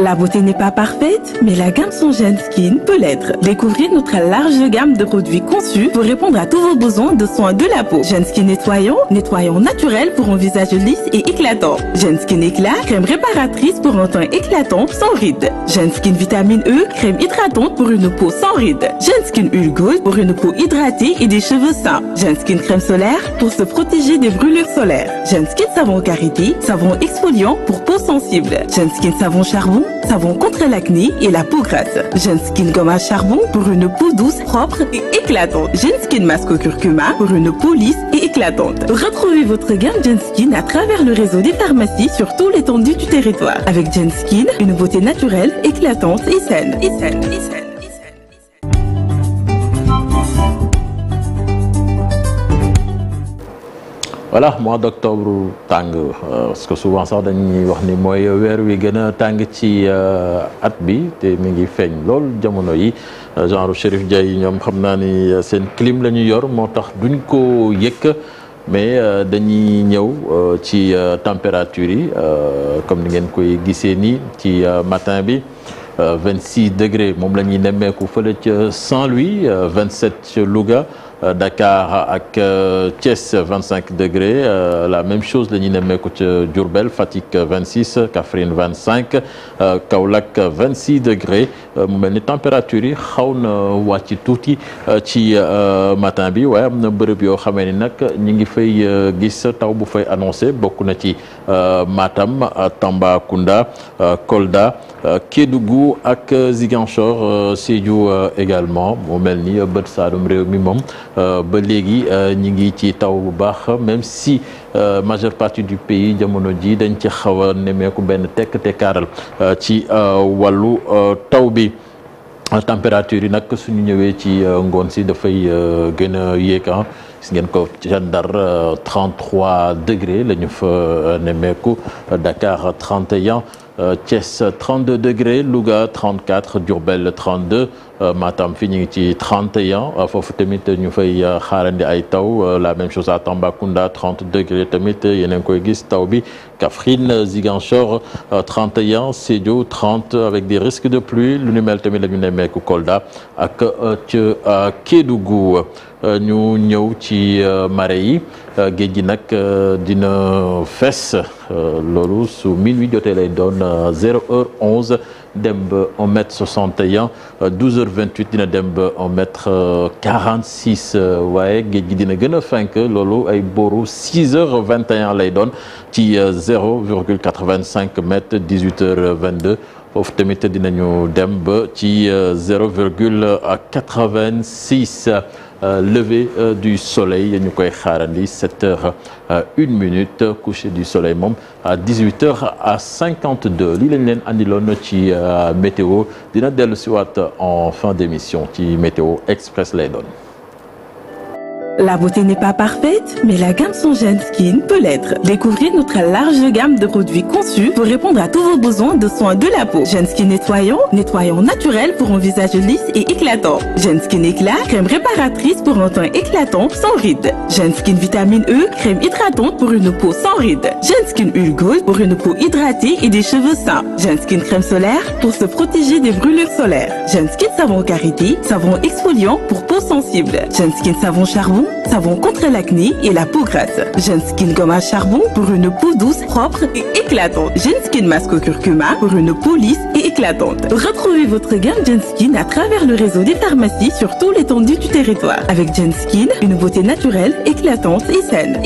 La beauté n'est pas parfaite, mais la gamme Songen Skin peut l'être. Découvrez notre large gamme de produits conçus pour répondre à tous vos besoins de soins de la peau. Jeune Skin nettoyant, nettoyant pour un lisse et éclatant. Jeune Skin crème réparatrice pour un teint éclatant sans rides. Jeune vitamine E, crème hydratante pour une peau sans rides. Jeune Skin pour une peau hydratée et des cheveux sains. Jeune crème solaire pour se protéger des savon contre l'acné et la peau grasse. Jeune Skin gomme à charbon pour une peau douce, propre et éclatante. Jeune Skin curcuma pour une peau lisse et éclatante. Retrouvez votre gamme Jeune à travers le réseau des pharmacies sur l'étendue du territoire. Avec Jeune une beauté naturelle, éclatante et saine. voilà mois d'octobre tàng euh, parce que souvent sax dañuy wax ni mooy weer wi gën a tàng ci euh, at bi te mi ngi feeñ lool jamono yi euh, genre Chérif Diaye ñoom xam naa ni seen clim la ñu yor moo tax duñ ko yëkk mais dañuy ñëw ci température yi comme ni ngeen koy gisee nii ci matin bi 26 degré moom la ñuy nemmeeku fële ca Saint-Louis 27 ca Louga. Euh, Dakar ak euh, Thiès 25 degrés euh, la même chose la ne nemmeeku ca Diourbel Fatick 26 Kaffrine 25 Kaolack 26 degrés mu mel ni température yi xaw na wàcc tuuti ci matin bi waaye am na bërëb yoo xamee ni nag ñi ngi fay gis taw bu fay annoncé bokk na ci Matam Tambacounda Kolda Kédougou ak Ziguinchor Sédhiou également mu mel ni bët saalum réew mi moom Euh, ba léegi euh, ñi ngi ci taw bu baax même si euh, majeure partie du pays jamono ji dañ ci xaw a nemmeeku benn tekk tekkaaral ci wàllu taw bi. température yi nag suñu ñëwee ci ngoon si dafay gën a yéeg ah. gis ngeen ko Jeanne d'Arc 33 degré la ñu fa euh, nemmeeku Dakar 31 euh, Thiès 32 degré Louga 34 Diourbel 32 euh, Matam fii ñu ngi ci 31 foofu tamit ñu fay xaarandi ay taw la même chose à Tambacounda 30 degré tamit yéen a ngi koy gis taw bi Kaffrine Ziguinchor 31 Sédhiou 30 avec des risques de pluie lu ni mel tamit la ñu nemmeeku Kolda ak ca Kédougou ñu ñëw ci. ci euh, marée yi euh, géej gi nag euh, dina fees loolu su minuit jotee lay doon 0 heure 11 dem ba 1 mètre 61 12 heures 28 dina dem ba 1 mètre 46 waaye géej gi dina gën a fenk loolu ay booru 6 heures 21 lay doon ci 0 virgule 85 mètre 18 heures 22. foofu tamit dinañu dem ba ci zéro virgule quatre-vingt-six Euh, lever euh, du soleil ñu koy xaarandi 7 heures euh, une minute coucher du moom à 18 heures à 52 lii lañ leen andiloon ci météo dina dellu siwaat en fin d'émission ci météo express lay doon La beauté n'est pas parfaite, mais la gamme Songen Skin peut l'être. Découvrez notre large gamme de produits conçus pour répondre à tous vos besoins de soins de la peau. Jeune nettoyant, nettoyant naturel pour un lisse et éclatant. Jeune Skin crème réparatrice pour un teint éclatant sans rides. Jeune vitamine E, crème hydratante pour une peau sans rides. Jeune Skin pour une peau hydratée et des cheveux sains. Jeune crème solaire savon contre l'acné et la peau grasse. Jeune Skin à charbon pour une peau douce, propre et éclatante. Jeune Skin curcuma pour une peau et éclatante. Retrouvez votre gamme Jeune à travers le réseau des pharmacies sur tout l'étendue du territoire. Avec Jeune une beauté naturelle, éclatante et saine.